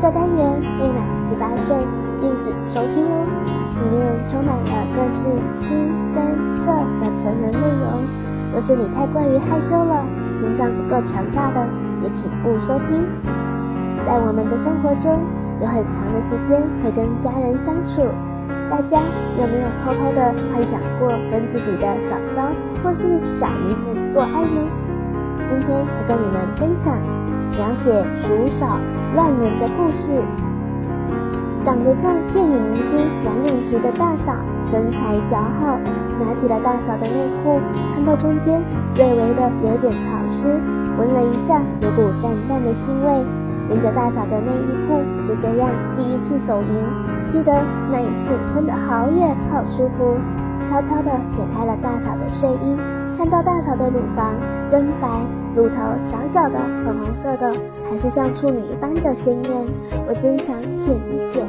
這個單元未滿十八歲禁止收聽哦，裡面充滿了各式腥、羶、色的成人內容。若是你太過於害羞了，心臟不夠強大的，也請勿收聽。在我們的生活中，有很長的時間會跟家人相處，大家有沒有偷偷的幻想過跟自己的嫂嫂或是小姨子做愛呢？今天我跟你們分享描寫熟嫂。萬年的故事，長得像電影明星梁詠琪的大嫂，身材姣好，拿起了大嫂的內褲，看到中間略微，微的有點潮濕，聞了一下有股淡淡的腥味，聞著大嫂的內衣褲，就這樣第一次手淫，記得那一次穿得好遠好舒服，悄悄的解開了大嫂的睡衣，看到大嫂的乳房。真白，乳頭小小的，粉紅色的，還是像處女一般的鮮豔，我真想舔一舔。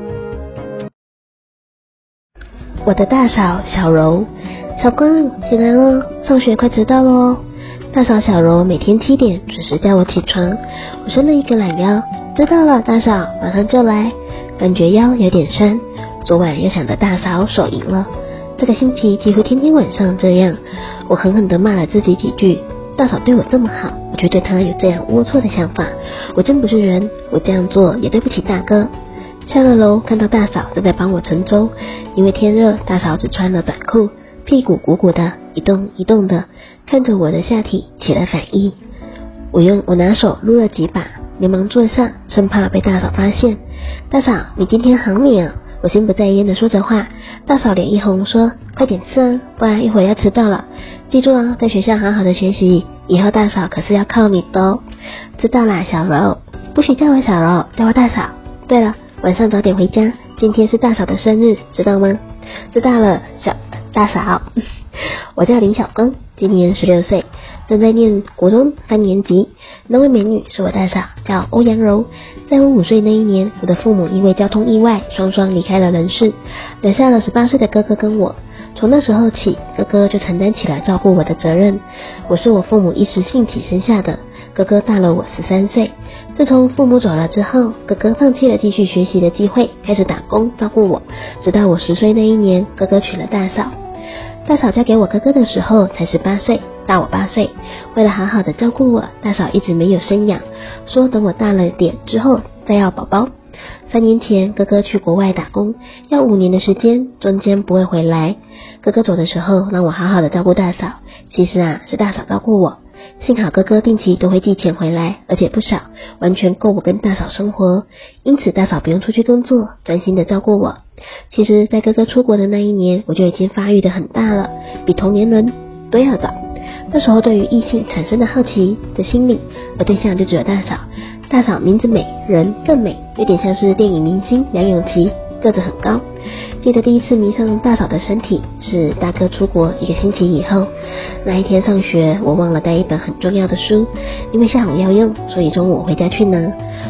我的大嫂小柔，小光，起來了，上學快遲到了哦。大嫂小柔每天七點準時叫我起床，我伸了一個懶腰，知道了，大嫂馬上就來。感覺腰有點酸，昨晚又想着大嫂手淫了，這個星期幾乎天天晚上這樣，我狠狠的罵了自己幾句。大嫂對我這麼好，我卻對她有這樣齷齪的想法，我真不是人，我這樣做也對不起大哥。下了樓，看到大嫂正在幫我盛粥，因為天熱，大嫂只穿了短褲，屁股鼓鼓的，一動一動的，看着我的下體起了反應。我用我拿手擼了幾把，連忙坐下，生怕被大嫂發現。大嫂，你今天好美啊！我心不在焉地說着話，大嫂臉一紅，說：“快點吃，不然一會兒要遲到了。記住啊、哦，在學校好好的學習，以後大嫂可是要靠你的哦。”知道啦，小柔，不許叫我小柔，叫我大嫂。對了，晚上早點回家，今天是大嫂的生日，知道嗎？知道了，小大嫂。我叫林小剛，今年十六歲，正在念國中三年級。那位美女是我大嫂，叫歐陽柔。在我五歲那一年，我的父母因為交通意外雙雙離開了人世，留下了十八歲的哥哥跟我。從那時候起，哥哥就承擔起了照顧我的責任。我是我父母一時興起生下的，哥哥大了我十三歲。自從父母走了之後，哥哥放棄了繼續學習的機會，開始打工照顧我，直到我十歲那一年，哥哥娶了大嫂。大嫂嫁給我哥哥的時候才十八歲，大我八歲。為了好好的照顧我，大嫂一直沒有生養，說等我大了點之後再要寶寶。三年前哥哥去國外打工，要五年的時間，中間不會回來。哥哥走的時候讓我好好的照顧大嫂，其實啊，是大嫂照顧我。幸好哥哥定期都會寄錢回來，而且不少，完全夠我跟大嫂生活，因此大嫂不用出去工作，專心的照顧我。其實，在哥哥出國的那一年，我就已經發育的很大了，比同年齡都要早。那時候，對於異性產生的好奇的心理，而對象就只有大嫂。大嫂名字美，人更美，有點像是電影明星梁詠琪。個子很高，記得第一次迷上大嫂的身體是大哥出國一個星期以後。那一天上學，我忘了帶一本很重要的書，因為下午要用，所以中午回家去拿。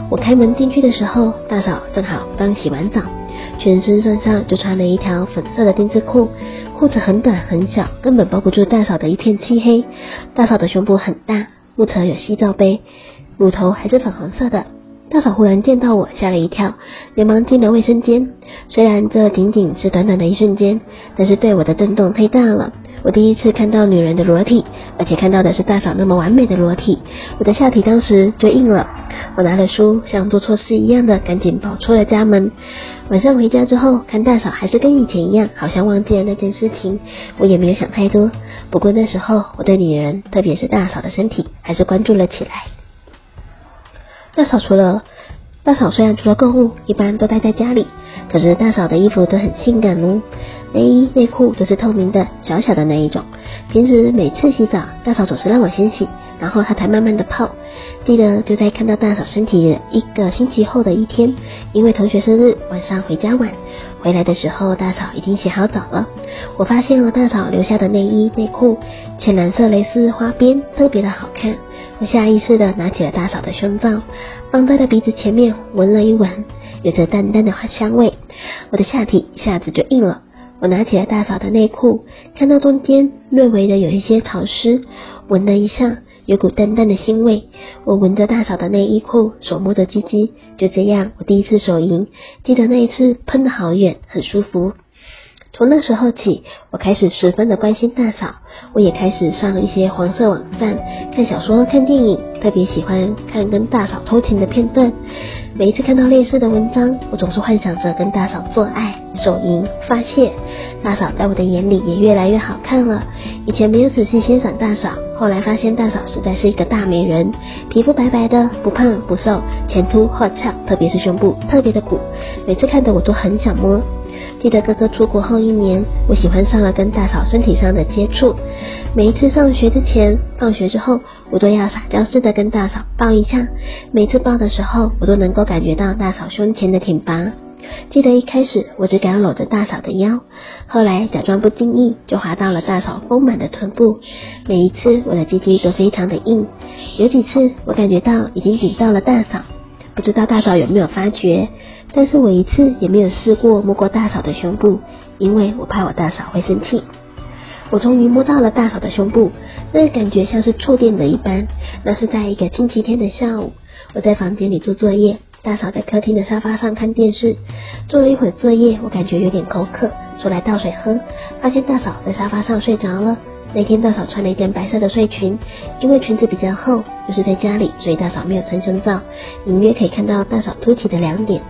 我開門進去的時候，大嫂正好剛洗完澡，全身上下就穿了一條粉色的丁字褲，褲子很短很小，根本包不住大嫂的一片漆黑。大嫂的胸部很大，目測有 C 罩杯，乳頭還是粉紅色的。大嫂忽然見到我，嚇了一跳，連忙進了衛生間。雖然這僅僅是短短的一瞬間，但是對我的震動太大了。我第一次看到女人的裸體，而且看到的是大嫂那麼完美的裸體，我的下體當時就硬了。我拿了書，像做錯事一樣的趕緊跑出了家門。晚上回家之後，看大嫂還是跟以前一樣，好像忘記了那件事情，我也沒有想太多。不過那時候我對女人，特別是大嫂的身體，還是關注了起來。大嫂除了，大嫂雖然除了購物，一般都待在家裡，可是大嫂的衣服都很性感哦，內衣內褲都是透明的，小小的那一種。平時每次洗澡，大嫂總是讓我先洗，然後她才慢慢的泡。記得就在看到大嫂身體的一個星期後的一天，因為同學生日晚上回家晚，回來的時候大嫂已經洗好澡了，我發現了大嫂留下的內衣內褲，淺藍色蕾絲花邊，特別的好看。我下意識地拿起了大嫂的胸罩，放在了鼻子前面聞了一聞，有着淡淡的花香味。我的下體一下子就硬了。我拿起了大嫂的內褲，看到中間略微的有一些潮濕，聞了一下有股淡淡的腥味。我聞着大嫂的內衣褲，手摸着雞雞，就這樣我第一次手淫。記得那一次噴的好遠，很舒服。從那時候起，我開始十分的關心大嫂，我也開始上了一些黃色網站，看小說、看電影，特別喜歡看跟大嫂偷情的片段。每一次看到類似的文章，我總是幻想着跟大嫂做愛、手淫發洩。大嫂在我的眼裡也越來越好看了。以前沒有仔細欣賞大嫂，後來發現大嫂實在是一個大美人，皮膚白白的，不胖不瘦，前凸後翹，特別是胸部特別的鼓，每次看的我都很想摸。記得哥哥出國後一年，我喜歡上了跟大嫂身體上的接觸。每一次上學之前、放學之後，我都要撒嬌似的跟大嫂抱一下。每一次抱的時候，我都能夠感覺到大嫂胸前的挺拔。記得一開始我只敢摟着大嫂的腰，後來假裝不經意就滑到了大嫂豐滿的臀部。每一次我的雞雞都非常的硬，有幾次我感覺到已經頂到了大嫂，不知道大嫂有沒有發覺。但是我一次也沒有試過摸過大嫂的胸部，因為我怕我大嫂會生氣。我終於摸到了大嫂的胸部，那個感覺像是觸電的一般。那是在一個星期天的下午，我在房間裡做作業，大嫂在客廳的沙發上看電視。做了一會兒作業，我感覺有點口渴，出來倒水喝，發現大嫂在沙發上睡着了。那天大嫂穿了一件白色的睡裙，因為裙子比較厚，又、就是在家裡，所以大嫂沒有穿胸罩，隱約可以看到大嫂凸起的兩點。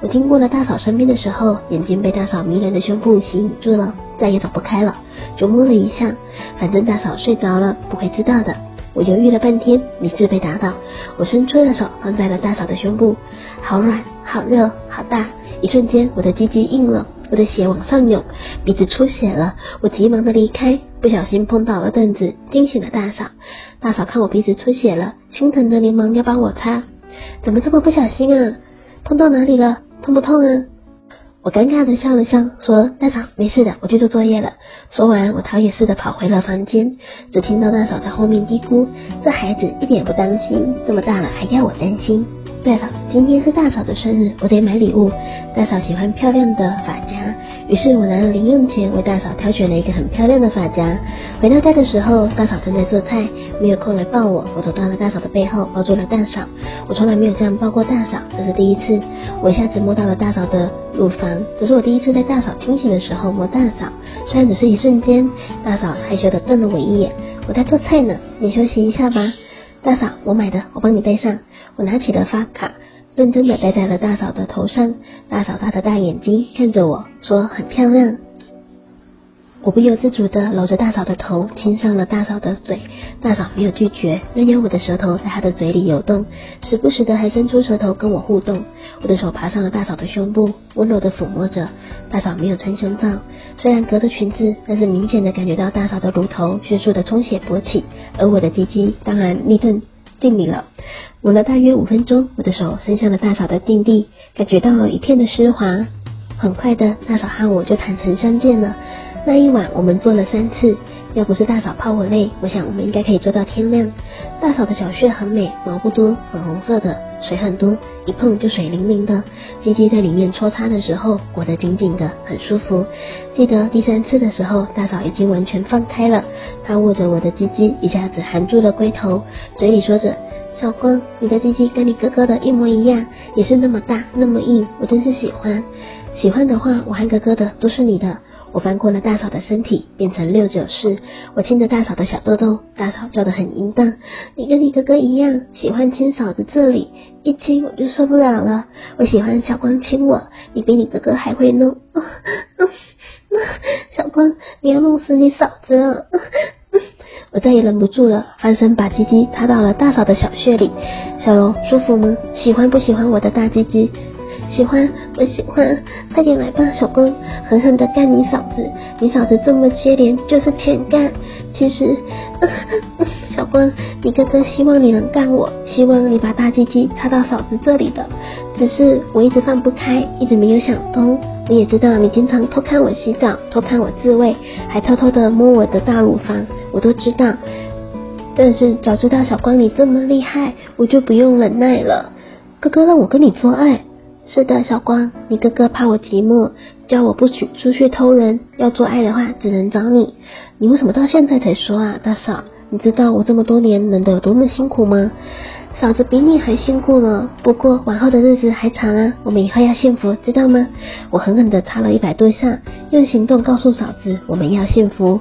我經過了大嫂身邊的時候，眼睛被大嫂迷人的胸部吸引住了，再也走不開了，就摸了一下。反正大嫂睡着了，不會知道的。我猶豫了半天，理智被打倒，我伸出了手，放在了大嫂的胸部，好軟，好熱，好大。一瞬間，我的雞雞硬了，我的血往上湧，鼻子出血了，我急忙地離開。不小心碰倒了凳子，驚醒了大嫂。大嫂看我鼻子出血了，心疼的連忙要幫我擦。怎麼這麼不小心啊？碰到哪裡了？痛不痛啊？我尷尬的笑了笑，說：“大嫂，沒事的，我去做作業了。”說完，我逃也似的跑回了房間。只聽到大嫂在後面嘀咕：“這孩子一點也不擔心，這麼大了還要我擔心。”對了，今天是大嫂的生日，我得買禮物。大嫂喜歡漂亮的髮夾。於是我拿了零用錢，為大嫂挑選了一個很漂亮的髮夾。回到家的時候，大嫂正在做菜，沒有空來抱我。我走到了大嫂的背後，抱住了大嫂。我從來沒有這樣抱過大嫂，這是第一次。我一下子摸到了大嫂的乳房，這是我第一次在大嫂清醒的時候摸大嫂，雖然只是一瞬間。大嫂害羞的瞪了我一眼。我在做菜呢，你休息一下吧。大嫂，我買的，我幫你戴上。我拿起了髮卡。認真的戴在了大嫂的頭上，大嫂她的大眼睛看着我說，很漂亮。我不由自主地摟着大嫂的頭親上了大嫂的嘴，大嫂沒有拒絕，任由我的舌頭在她的嘴裡游動，時不時的還伸出舌頭跟我互動，我的手爬上了大嫂的胸部，溫柔的撫摸着，大嫂沒有穿胸罩，雖然隔着裙子，但是明顯的感覺到大嫂的乳頭迅速的充血勃起，而我的雞雞當然立正。進去了，吻了大約五分鐘，我的手伸向了大嫂的禁地，感覺到了一片的濕滑。很快的，大嫂和我就坦誠相見了。那一晚我們做了三次，要不是大嫂怕我累，我想我們應該可以做到天亮。大嫂的小穴很美，毛不多，粉紅色的，水很多，一碰就水靈靈的。雞雞在裡面搓擦的時候，裹得緊緊的，很舒服。記得第三次的時候，大嫂已經完全放開了，她握着我的雞雞，一下子含住了龜頭，嘴裡說着：“小光，你的雞雞跟你哥哥的一模一樣，也是那麼大，那麼硬，我真是喜歡。喜歡的話，我和哥哥的都是你的。”我翻過了大嫂的身體，變成六九式。我親着大嫂的小豆豆，大嫂叫得很淫蕩。你跟你哥哥一樣，喜歡親嫂子這裡，一親我就受不了了。我喜歡小光親我，你比你哥哥還會弄。 小光，你要弄死你嫂子了！ 我再也忍不住了，翻身把雞雞插到了大嫂的小穴裡。小柔舒服嗎？喜歡不喜歡我的大雞雞？喜歡，我喜歡，快點來吧，小光，狠狠的幹你嫂子，你嫂子這麼接連就是欠幹。其實呵呵，小光，你哥哥希望你能幹我，我希望你把大雞雞插到嫂子這裡的，只是我一直放不開，一直沒有想通，哦。我也知道你經常偷看我洗澡，偷看我自慰，還偷偷的摸我的大乳房，我都知道。但是早知道小光你這麼厲害，我就不用忍耐了。哥哥讓我跟你做愛。是的，小光，你哥哥怕我寂寞，叫我不許出去偷人，要做愛的話只能找你。你為什麼到現在才說啊，大嫂？你知道我這麼多年忍得有多麼辛苦嗎？嫂子比你還辛苦呢。不過往後的日子還長啊，我們以後要幸福，知道嗎？我狠狠地插了一百多下，用行動告訴嫂子，我們要幸福。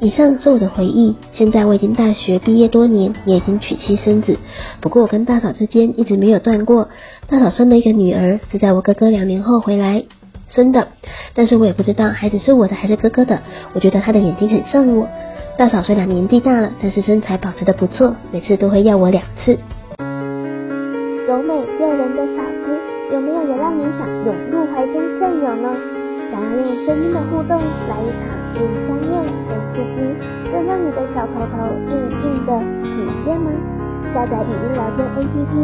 以上是我的回憶。現在我已經大學畢業多年，也已經娶妻生子。不過我跟大嫂之間一直沒有斷過。大嫂生了一個女兒，是在我哥哥兩年後回來生的。但是我也不知道孩子是我的還是哥哥的。我覺得他的眼睛很像我。大嫂雖然年紀大了，但是身材保持得不錯，每次都會要我兩次。柔美誘人的嫂子，有沒有也讓你想擁入懷中占有呢？想要用聲音的互動來一場。更香豔更刺激，更讓你的小頭頭硬硬的體驗嗎？下載語音聊天 APP，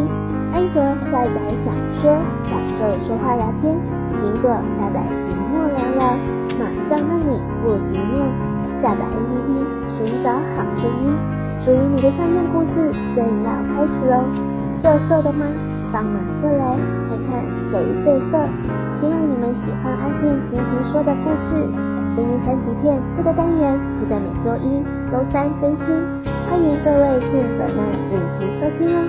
安卓下載享說，享受說話聊天，蘋果下載寂寞聊聊，馬上讓你不寂寞。下載 APP 尋找好聲音，屬於你的香豔故事正要開始哦。色色的嗎？放馬過來，看看誰最色。希望你們喜歡阿性今天說的故事。聲音三級片這個單元會在每週一、週三更新，歡迎各位信粉們準時收聽哦。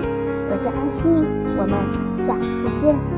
我是阿性，我們下次見。